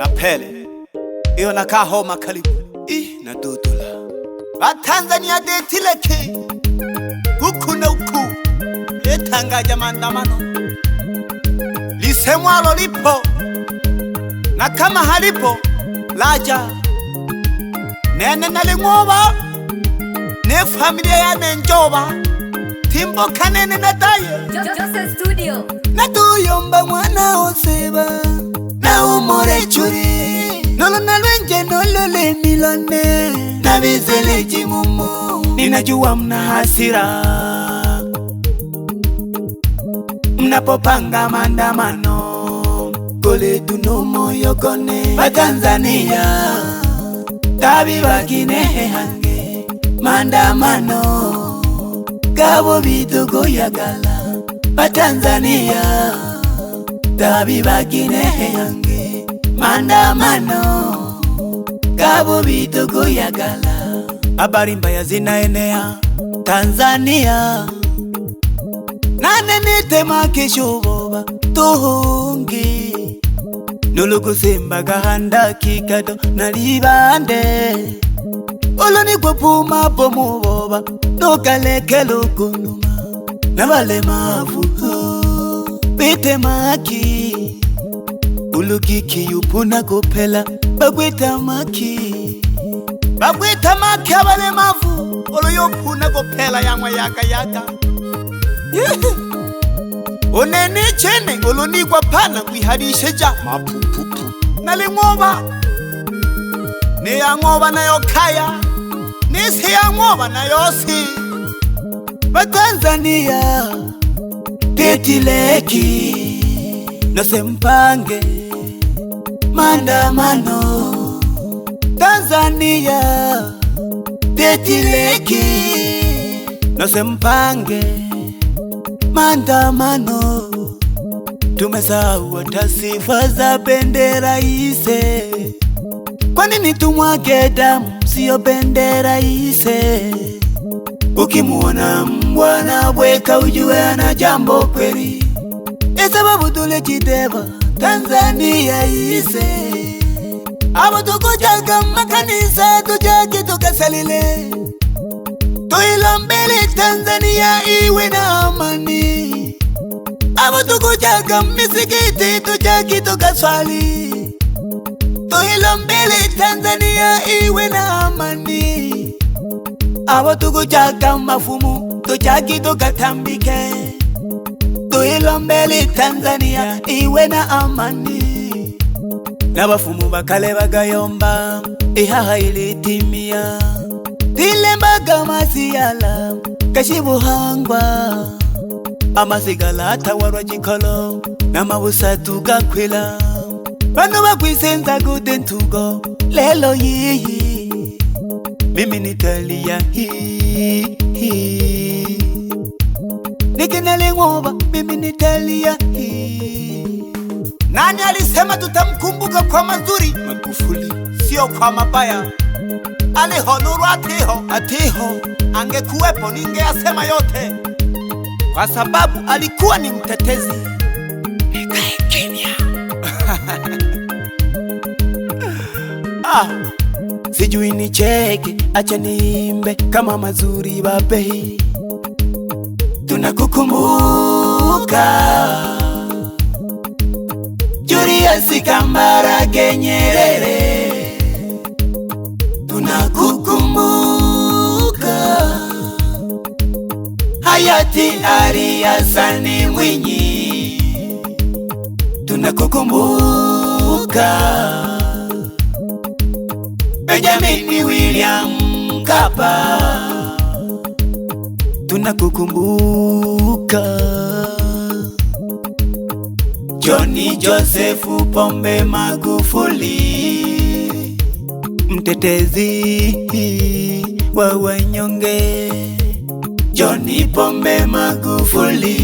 na Pele, iyo nakaa homa karibu na dudula Batanzania detileke guku na uku yetangaje maandamano lisemwalo lipo na kama halipo laja nene naling'oba ne familia ya njoba timbo kanene nadaye natuyo mba mwana oseba umorechuri nolona lwenje nolole milone nabizeleji mumu ninajua mna hasira mnapopanga maandamano koletu nomoyokone batanzania tabi baginehehange maandamano gabo bitugoyagala batanzania tabibakine yange mandamano kabobitokoyagala abarimba yazina eneya tanzania nanenitemakeshoboba tuhungi nulukusembaga handakikado nalibande olo nigwopuma bomuboba nokalekelo kunuma nabalemavu bete maki ulugiki yuphuna kuphela bakwita maki bakwita maki abale mavu oloyophuna kuphela yangwa yakayaka unene chene olonikwa phana kwihalishe ja mapupupu nalingoba neyangoba nayokhaya nisiyangoba nayosi bacanzaniya Tetileki Lose Mpange maandamano Tanzania Tetileki Lose Mpange maandamano Tumesawa tasifa za bendera ise, kwanini nini tumwage damu sio bendera ise? Ukimuona mbwana bweka, ujue ana jambo kweli, esababu tulichiteva Tanzania ise abo tukujaga makanisa tujage tukasalile, tuilombele Tanzania iwe na amani. Abo tukujaga misikiti tujage tukaswali, tuilombele Tanzania iwe na amani. abo tukujaga mafumu tujagi tugatambike tuilombeli tanzania iwe na amani nabafumu bakale bagayomba ihaha ilitimia tilembaga masiala kashibuhangwa amasigala atawarwa jikolo na mabusatu gakwila bano bakwisenza gudentugo lelo yiyi mimi nitalia hii nikina mimi nitalia hii. Nani alisema tutamkumbuka kwa mazuri? Magufuli, sio kwa mabaya. Alihonuru atiho atiho, angekuwepo ningeyasema yote, kwa sababu alikuwa ni mtetezi. ah sijui ni cheke, acha niimbe kama mazuri bapehi, tunakukumbuka Julius Kambarage Nyerere, tunakukumbuka hayati Ali Hassan Mwinyi, tunakukumbuka benjamin William Mkapa, tunakukumbuka. Johni Joseph Pombe Magufuli, mtetezi wa wanyonge. Johni Pombe Magufuli,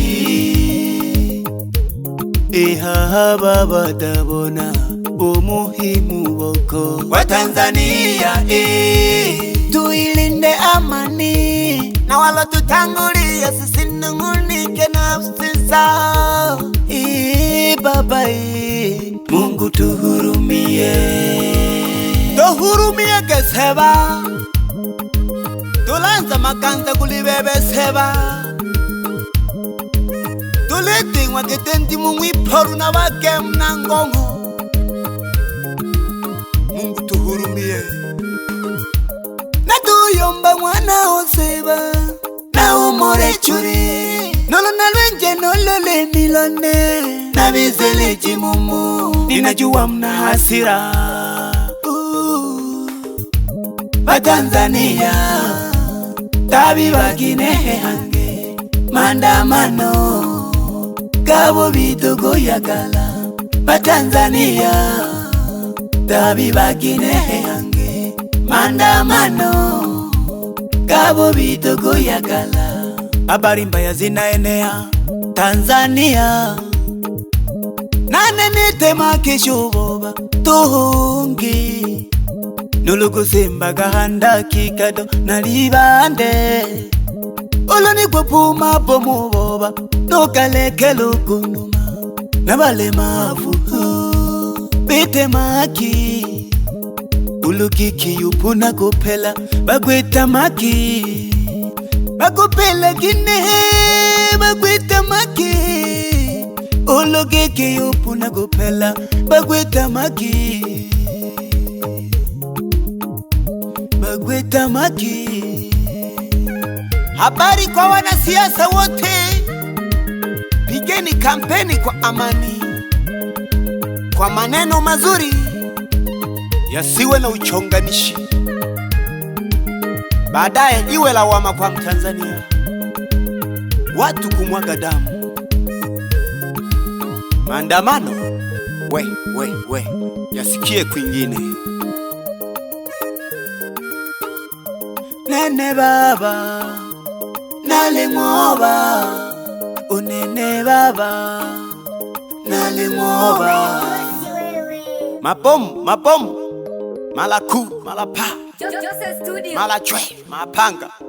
ihaba batabona umuhimu woko wa tanzania eh. tuilinde amani na walo tutangulia sisi nungunike nafsi za baba mungu tuhurumie tohurumie geseba tulanza makanza kulibebeseba tulitingwa kitendi mumwiporu na bake mnangongo Mungu tuhurumie, na mwana oseba na umore churi nolo nalwenje nolole milone na bizele jimumu, ninajua mna hasira Watanzania tabi hange mandamano gabo bitugoyagala Batanzania tabibakine yange mandamano kabo bitukuyakala abalimba yazina eneya tanzania nane mitema kishububa tuhungi nulukusimbagahanda kikado nalibande olo nigwo pumapo mububa nukalekelukunuma nabalemavu Mite maki Ulukiki yupuna kopela Bagweta maki Bakopela gine Bagweta maki Ulukiki yupuna kopela Bagweta maki Bagweta maki Habari kwa wanasiasa wote Pigeni kampeni kwa amani kwa maneno mazuri yasiwe na uchonganishi, baadaye iwe lawama kwa Mtanzania, watu kumwaga damu, maandamano we we we yasikie kwingine. Nene baba nalimwoba, unene baba nalimwoba mabomu mabomu, mala kuu, mala paa, mala chwe, mapanga